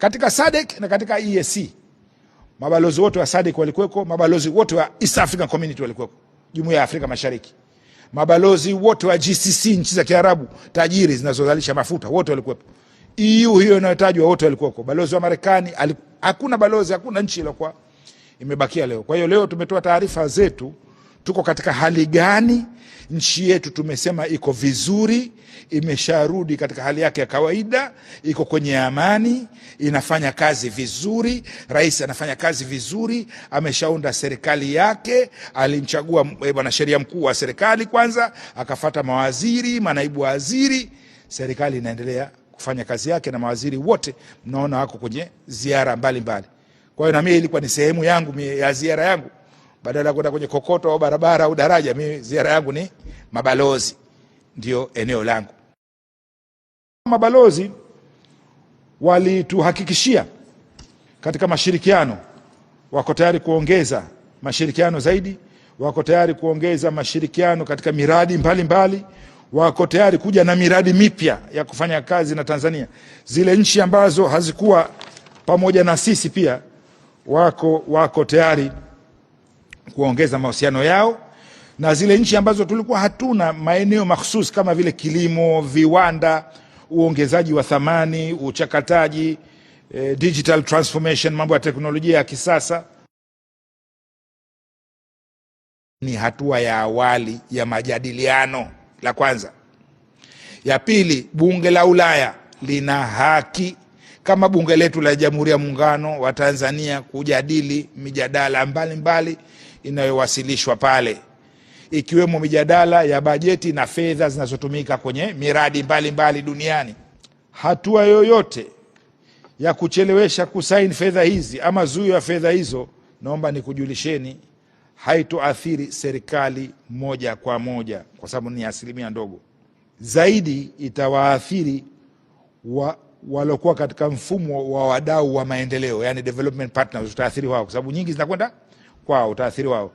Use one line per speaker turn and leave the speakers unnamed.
katika SADC na katika EAC. Mabalozi wote wa SADC walikuweko, mabalozi wote wa East African Community walikuweko, Jumuiya ya Afrika Mashariki, mabalozi wote wa GCC, nchi za Kiarabu tajiri zinazozalisha mafuta, wote walikuwepo. EU hiyo inayotajwa, wote walikuweko. Balozi wa Marekani hakuna balozi, hakuna nchi iliyokuwa imebakia leo. Kwa hiyo leo tumetoa taarifa zetu tuko katika hali gani? Nchi yetu tumesema iko vizuri, imesharudi katika hali yake ya kawaida, iko kwenye amani, inafanya kazi vizuri, rais anafanya kazi vizuri, ameshaunda serikali yake, alimchagua eh, mwanasheria mkuu wa serikali kwanza, akafata mawaziri, manaibu waziri, serikali inaendelea kufanya kazi yake, na mawaziri wote mnaona wako kwenye ziara mbalimbali. Kwa hiyo na mimi ilikuwa ni sehemu yangu ya ziara yangu badala ya kwenda kwenye kokoto au barabara au daraja, mimi ziara yangu ni mabalozi, ndio eneo langu. Mabalozi walituhakikishia katika mashirikiano, wako tayari kuongeza mashirikiano zaidi, wako tayari kuongeza mashirikiano katika miradi mbalimbali mbali, wako tayari kuja na miradi mipya ya kufanya kazi na Tanzania. Zile nchi ambazo hazikuwa pamoja na sisi pia wako, wako tayari kuongeza mahusiano yao na zile nchi ambazo tulikuwa hatuna maeneo makhusus kama vile kilimo, viwanda, uongezaji wa thamani, uchakataji, eh, digital transformation, mambo ya teknolojia ya kisasa ni hatua ya awali ya majadiliano. La kwanza. Ya pili, bunge la Ulaya lina haki kama bunge letu la Jamhuri ya Muungano wa Tanzania kujadili mijadala mbalimbali mbali inayowasilishwa pale ikiwemo mijadala ya bajeti na fedha zinazotumika kwenye miradi mbalimbali mbali duniani. Hatua yoyote ya kuchelewesha kusaini fedha hizi ama zuio ya fedha hizo, naomba nikujulisheni, haitoathiri serikali moja kwa moja, kwa sababu ni asilimia ndogo zaidi. Itawaathiri wa, waliokuwa katika mfumo wa wadau wa maendeleo, yani development partners, utaathiri wao, kwa sababu nyingi zinakwenda kwao, utaasiri wao.